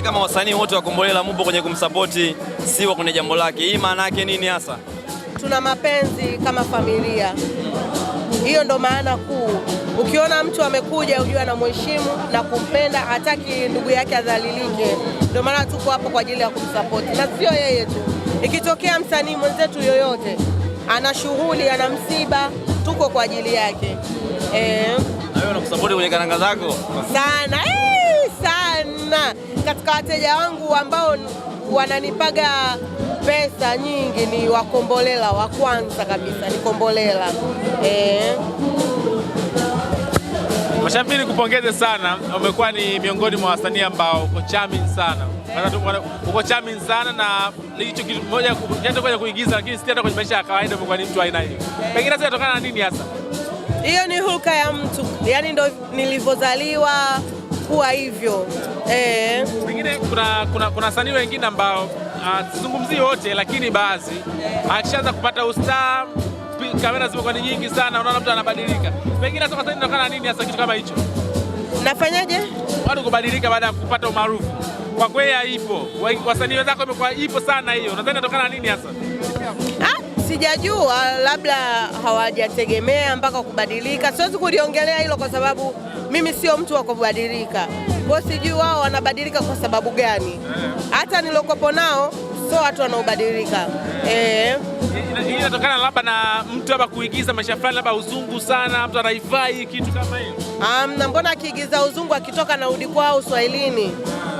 Nadhani kama wasanii wote wa Kombolela mupo kwenye kumsapoti Siwa kwenye jambo lake, hii maana yake nini hasa? Tuna mapenzi kama familia, hiyo ndo maana kuu. Ukiona mtu amekuja ujue anamheshimu na kumpenda, hataki ndugu yake adhalilike. Ndio maana tuko hapo kwa ajili ya kumsapoti, na sio yeye tu. Ikitokea msanii mwenzetu yoyote ana shughuli, ana msiba, tuko kwa ajili yake. Eh, na wewe unakusapoti kwenye karanga zako sana. Eh! hamna katika wateja wangu ambao wananipaga pesa nyingi ni Wakombolela, wa kwanza kabisa ni Kombolela eh. Mashabiki, nikupongeze sana, umekuwa ni miongoni mwa wasanii ambao uko charming sana, uko charming sana na hicho kitu moja kuja kuigiza, lakini si hata kwenye maisha ya kawaida umekuwa ni mtu aina hiyo. Pengine sasa inatokana na nini hasa? Hiyo ni hulka ya mtu, yani ndo nilivyozaliwa kuwa hivyo eh. Pengine kuna, kuna, kuna sanii wengine ambao ah, sizungumzii wote, lakini baadhi akishaanza kupata ustaa, kamera zimekuwa ni nyingi sana, unaona mtu anabadilika. Pengine hasa wasanii inatokana nini hasa kitu kama hicho nafanyaje watu kubadilika baada ya kupata umaarufu? Kwa kweli haipo, wasanii wenzako wamekuwa ipo sana hiyo, unadhani inatokana nini hasa? Ah, Sijajua, labda hawajategemea mpaka kubadilika. Siwezi kuliongelea hilo kwa sababu mimi sio mtu wa kubadilika, kwa sijui wao wanabadilika kwa sababu gani. Hata nilokopo nao sio watu wanaobadilika eh. Hii inatokana labda na mtu hapa kuigiza maisha fulani, labda uzungu sana, mtu anaifai kitu kama hiyo. Amna, mbona akiigiza uzungu akitoka narudi kwao Uswahilini,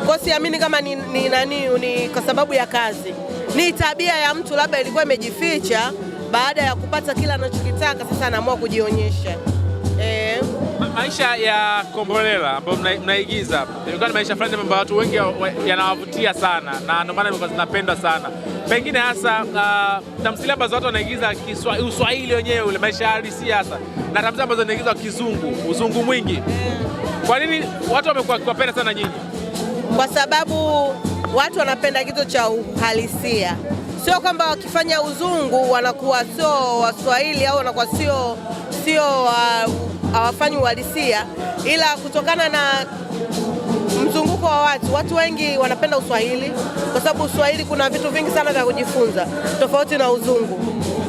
kwa siamini kama ni, ni nani, ni kwa sababu ya kazi ni tabia ya mtu labda ilikuwa imejificha, baada ya kupata kila anachokitaka sasa anaamua kujionyesha. E, maisha ya Kombolela ambayo mnaigiza mna ni maisha fulani ambayo watu wengi yanawavutia sana, na ndio maana zinapendwa sana, pengine hasa uh, tamthilia ambazo watu wanaigiza Uswahili wenyewe ule maisha halisi hasa, na tamthilia ambazo zinaigiza Kizungu, uzungu mwingi mm. Kwa nini watu wamekuwa kiwapenda sana nyinyi? Kwa sababu watu wanapenda kitu cha uhalisia, sio kwamba wakifanya uzungu wanakuwa sio Waswahili au wanakuwa sio sio uh, hawafanyi uh, uhalisia, ila kutokana na mzunguko wa watu, watu wengi wanapenda Uswahili kwa sababu Uswahili kuna vitu vingi sana vya kujifunza tofauti na uzungu.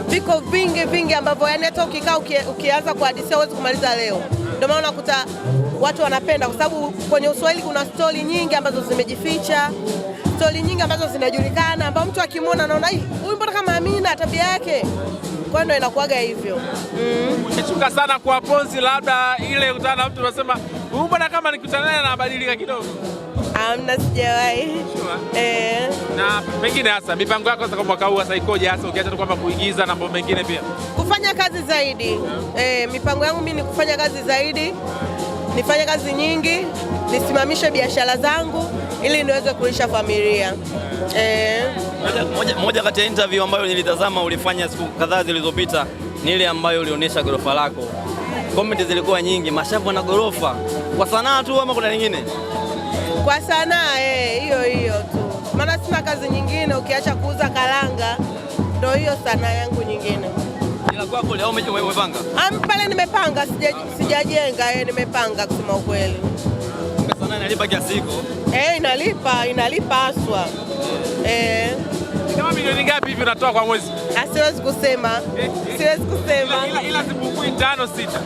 Viko vingi vingi ambavyo yani hata ukikaa ukianza kuhadisia huwezi kumaliza leo. Ndio maana unakuta watu wanapenda, kwa sababu kwenye Uswahili kuna stori nyingi ambazo zimejificha, stori nyingi ambazo zinajulikana, ambao mtu akimwona anaona huyu mbona kama Amina tabia yake kwa ndo inakuwaga hivyo mm. sana kwa Ponzi, labda ile kutana na mtu unasema huyu mbona kama nikutana naye anabadilika kidogo. Amna, sijawahi Eh. Na pengine hasa mipango yako kwa mwaka huu hasa ikoje, hasa ukiacha tu kwamba kuigiza na mambo mengine pia kufanya kazi zaidi? yeah. Eh, mipango yangu mimi ni kufanya kazi zaidi nifanye kazi nyingi, nisimamishe biashara zangu ili niweze kulisha familia eh. Moja, moja kati ya interview ambayo nilitazama ulifanya siku kadhaa zilizopita ni ile ambayo ulionyesha gorofa lako. Comment zilikuwa nyingi, Mashavu na gorofa kwa sanaa tu ama kuna lingine? Kwa sanaa eh, hiyo eh, hiyo tu, maana sina kazi nyingine ukiacha kuuza karanga, ndio hiyo sanaa yangu nyingine kujenga kwako leo umepanga? Ah, pale nimepanga, sijajenga eh, nimepanga kusema ukweli. Pesa nani alipa kiasi hiko? Eh, inalipa inalipa haswa. Eh. Kama milioni ngapi hivi unatoa kwa mwezi? Ah, siwezi kusema. Siwezi kusema. Ila ila sipungui tano sita.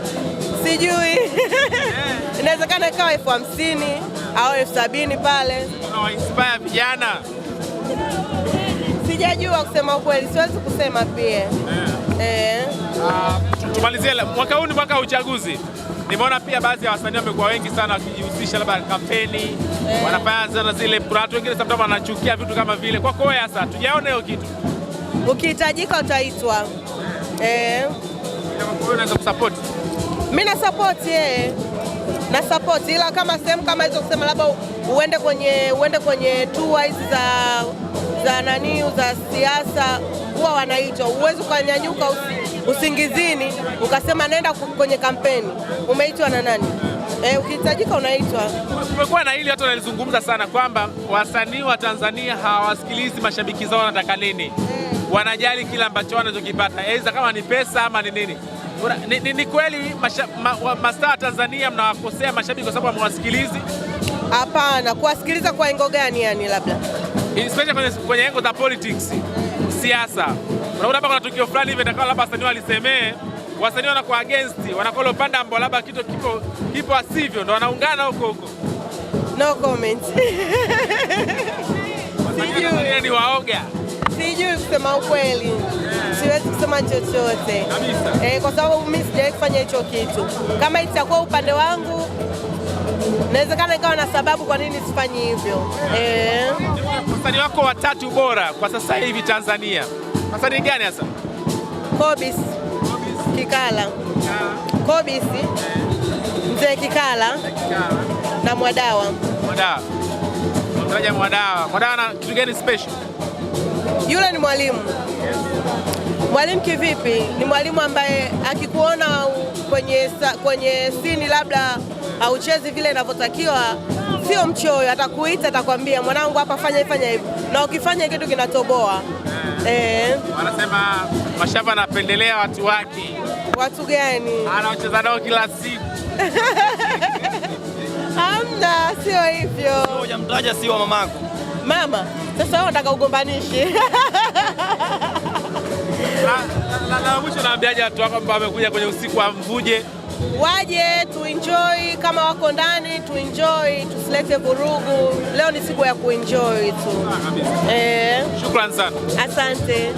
Sijui. Eh. Inawezekana ikawa elfu hamsini au elfu sabini pale. Unawa inspire vijana? Sijajua kusema ukweli, siwezi kusema pia. Eh. eh. Tumalizie mwaka huu ni mwaka wa uchaguzi. Nimeona pia baadhi ya wasanii wamekuwa wengi sana wakijihusisha labda kampeni, eh. wanafanya sana zile. Kuna watu wengine sometimes wanachukia vitu kama vile. Kwako wewe hasa, tujaona hiyo kitu, ukihitajika utaitwa eh. Unaweza kusupport? Mimi na support, na support, ila kama sehemu kama hizo kusema labda uende kwenye uende kwenye tua hizi za za nani za siasa huwa wanaitwa, uwezi ukanyanyuka usingizini ukasema naenda kwenye kampeni. Umeitwa na nani? E, ukihitajika unaitwa. Kumekuwa na hili watu wanalizungumza sana kwamba wasanii wa Tanzania hawasikilizi mashabiki zao wanataka nini, mm. wanajali kila ambacho wanachokipata, aidha kama ni pesa ama ni nini. Ni, ni, ni kweli mastaa ma, wa Tanzania mnawakosea mashabiki kwa sababu hawasikilizi Hapana, kuwasikiliza kwa engo gani? Yani labda especially kwenye, kwenye engo za politics, siasa. Unakuta hapa kuna tukio fulani hivi itakao labda wasanii walisemee, wasanii wanakuwa against, wanakola upande ambao labda kitu kipo kipo asivyo, ndo wanaungana huko huko. No comment. Sijui ni waoga. Sijui kusema ukweli, yeah. Siwezi kusema chochote eh, kwa sababu mimi sijawahi kufanya hicho kitu. Kama itakuwa upande wangu inawezekana ikawa na sababu kwa nini sifanyi hivyo. Eh, eh. wako watatu bora kwa sasa hivi Tanzania msanii gani hasa? Kobis Kikala, Kobis eh. Mzee Kikala na Mwadawa. Mwadawa, mtaja Mwadawa. Mwadawa na kitu gani special? Yule ni mwalimu. Mwalimu kivipi? Ni mwalimu ambaye akikuona kwenye, kwenye sini labda hauchezi vile inavyotakiwa, sio mchoyo, atakuita atakwambia, mwanangu, hapa fanya fanya hivi, na ukifanya kitu kinatoboa. Ah. Eh, wanasema Mashaba anapendelea watu wake. Watu gani? Anaocheza nao kila siku Amna, sio hivyo. Hujamtaja si wa mamako mama. Sasa wewe unataka ugombanishi la mwisho, naambiaje watu wako ambao wamekuja kwenye usiku wa mvuje waje tuenjoy, kama wako ndani tuenjoy, tusilete vurugu. Leo ni siku ya kuenjoy tu. Ah, eh, shukrani sana, asante.